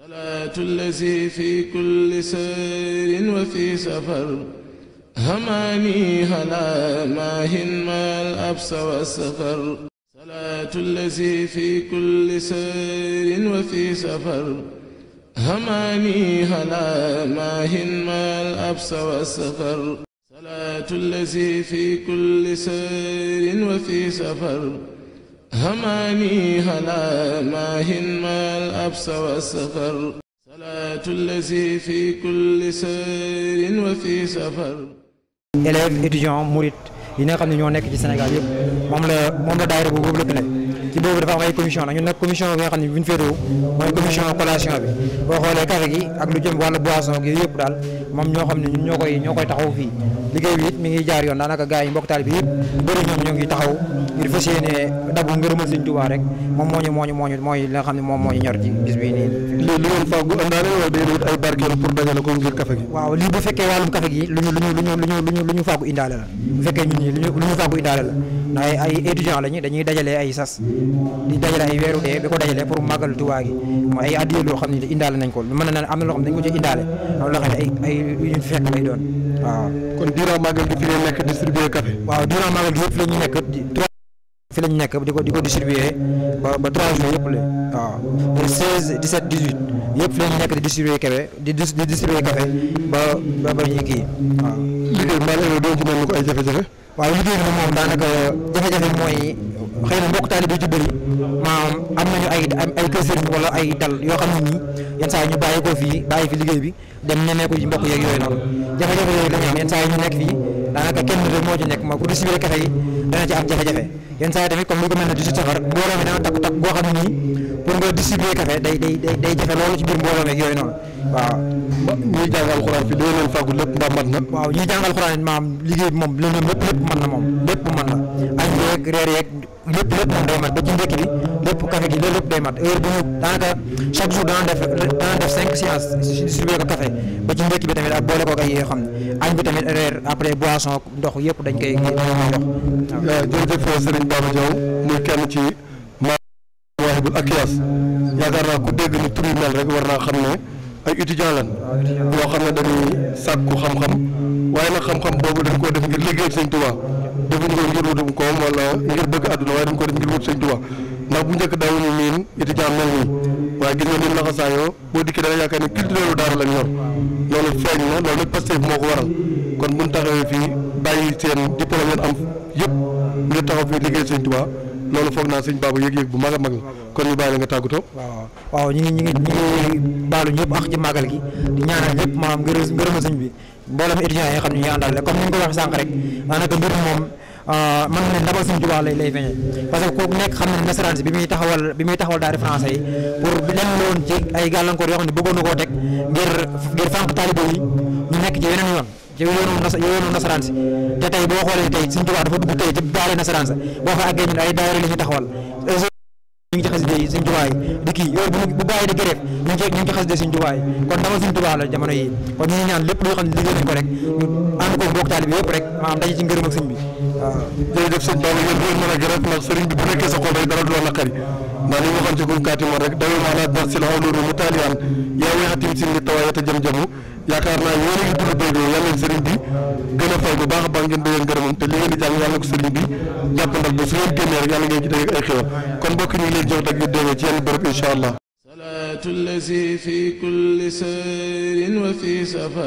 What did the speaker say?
salaatu lazi fi kulli sayrin wa fi safar hamaani hala maahin maal absa wa safar salaatu lazi fi kulli sayrin wa fi safar hamaani hala maahin maal absa wa safar salaatu lazi fi kulli sayrin wa fi safar هماني هلا ماهن ما الأبس والسفر صلاة الذي في كل سير وفي سفر élèves étudiants murit yi nga xam ne ñoo nekk ci Sénégal yëpp moom la moom la daayira boobu la tële ci boobu dafa am ay commission nag ñun nag commission bi nga xam ne bi ñu féetewoo mooy commission collation bi boo xoolee gi ak lu jëm wàllu boisson gi yëpp daal moom ñoo xam ne ñoo koy ñoo koy taxaw fii liggéey bi it mi ngi jaar yoon daanaka gars yi mbokk taal bi yëpp bëri ñoom ñoo ngi taxaw ngir fas yéene dabu ngërëmal sëñ Tuubaa rek moom moo ñu moo ñu moo mooy la xam ne moom moo ñu ñor ci bis bi nii li ko waaw lii bu fekkee wàllum gi lu ñu lu ñu lu ñu lu ñu lu ñu lu ñu fàggu indaale la bu fekkee ñun lu ñu fàggu indaale la ndax ay étudiant lañu dañuy dajale ay sas di dajale ay weeru dee bi ko dajale pour màggal Tuubaa gi mooy ay addiye loo xam ne indaale nañ ko mën na am na loo xam ne dañ ko ci indaale am loo xam ne ay ay yu ñu fekk lay doon waaw durant màggal gi fi lay nekk distribuer café. waaw durant di ko di ko distribuer ba ba trois jours yëpp la waaw 16 di distribuer café di di distribuer café ba ba ba ñuy kii waaw. liggéey mbaa la doo ci mel ni ko ay jafe-jafe. waaw liggéey bi moom daanaka jafe-jafe mooy. xëy na mbokk taalibe ci bëri maam am nañu ay ay kër sëriñ wala ay dal yoo xam ne nii yenn saa yi ñu bàyyi ko fii bàyyi fi liggéey bi dem nemmeeku ci mbokk yeeg yooyu noonu yi ñu nekk fii daanaka kenn moo ci nekk ma ku di sibir kafe yi dana ci am jafe-jafe yenn saa yi tamit comme ko mel boo xam ne nii pour nga distribuer café day day yooyu noonu waaw ñuy fi doo leen fàggu lépp ndax mat na waaw ñuy jàng alxuraan maam liggéey bi moom leen lépp lépp mën na moom lépp mën na añ yeeg reer yeeg lépp lépp moom day mat ba ci njëkk bi lépp café gi lépp day mat heure bu ñu daanaka chaque jour dana def dana def cinq séances distribué ko café ba ci njëkk bi tamit ak boole kook ay yoo xam ne añ bi tamit reer après boisson ndox yëpp dañ koy dañ koy ndox. Eh, jërëjëf ci Mawahibou Akyas yaakaar naa ku dégg ni tur yi mel rek war naa xam ne ay yoo xam ne dañuy sàkku xam-xam waaye nag xam-xam boobu dañ koo def ngir liggéeyal Sëñ Tuubaa defuñu ko ngir wutum koom wala ngir bëgg àdduna waaye dañ ko def ngir wut sëñ Tuuba ndax bu njëkk daawuñu miin étudiant mel nii waaye gis nga ni laxasaayoo boo dikkee dana yaakaar ne culturelu daara la ñor loolu feeñ na loolu nag Pastef am yëpp loolu foog naa sëñ Babu yëg-yëg bu mag a mag la kon ñu bàyyi nga tàggatoo. waaw waaw ñu ñëpp ak ci màggal gi di ñaanal ñëpp maanaam ngërëm ngërëma sëñ bi mboolem étudiants yi nga xam ne comme ni nga ko waxee sànq rek daanaka mbir moom Euh, man ne ndabal Sëriñ Tuubaa lay lay feeñe parce que ku nekk xam ne nasaraan si bi muy taxawal bi muy taxawal daari français yi pour lenn la woon ci ay gàllankoor yoo xam ne bëggoon na koo teg ngir ngir fànq taalibe yi ñu nekk ci yeneen yoon ci yoonu nasaraan si te tey boo xoolee tey Sëriñ Tuubaa dafa dugg tey ci daari nasaraan sa boo fa àggee ñun ay daayira la taxawal ñu ngi ci xasida yi Sëriñ Tuubaa yi di kii yooyu bu bu bàyyi di gërëm ñu ngi ci ñu ànd ko bokk taalibe yëpp a gërëm sa xol rek dara du la naqari ndax li ñu waxoon ci kum kaati man rek dawee maanaa dar si la xaw yaa te jëm-jëmu yaakaar naa yéen a ngi dund béy yàlla leen sëriñ bi gën a fay bu baax a baax ngeen doyee ngërëmam te li ngeen di jàng yàlla ko sëriñ bi jàpp ndax ba su ngeen génnee rek yàlla ngeen ci dégg ay xéwal kon mbokk ñu ngi leen jox dagg déggee ci yenn bërëb incha allah salaatu lazi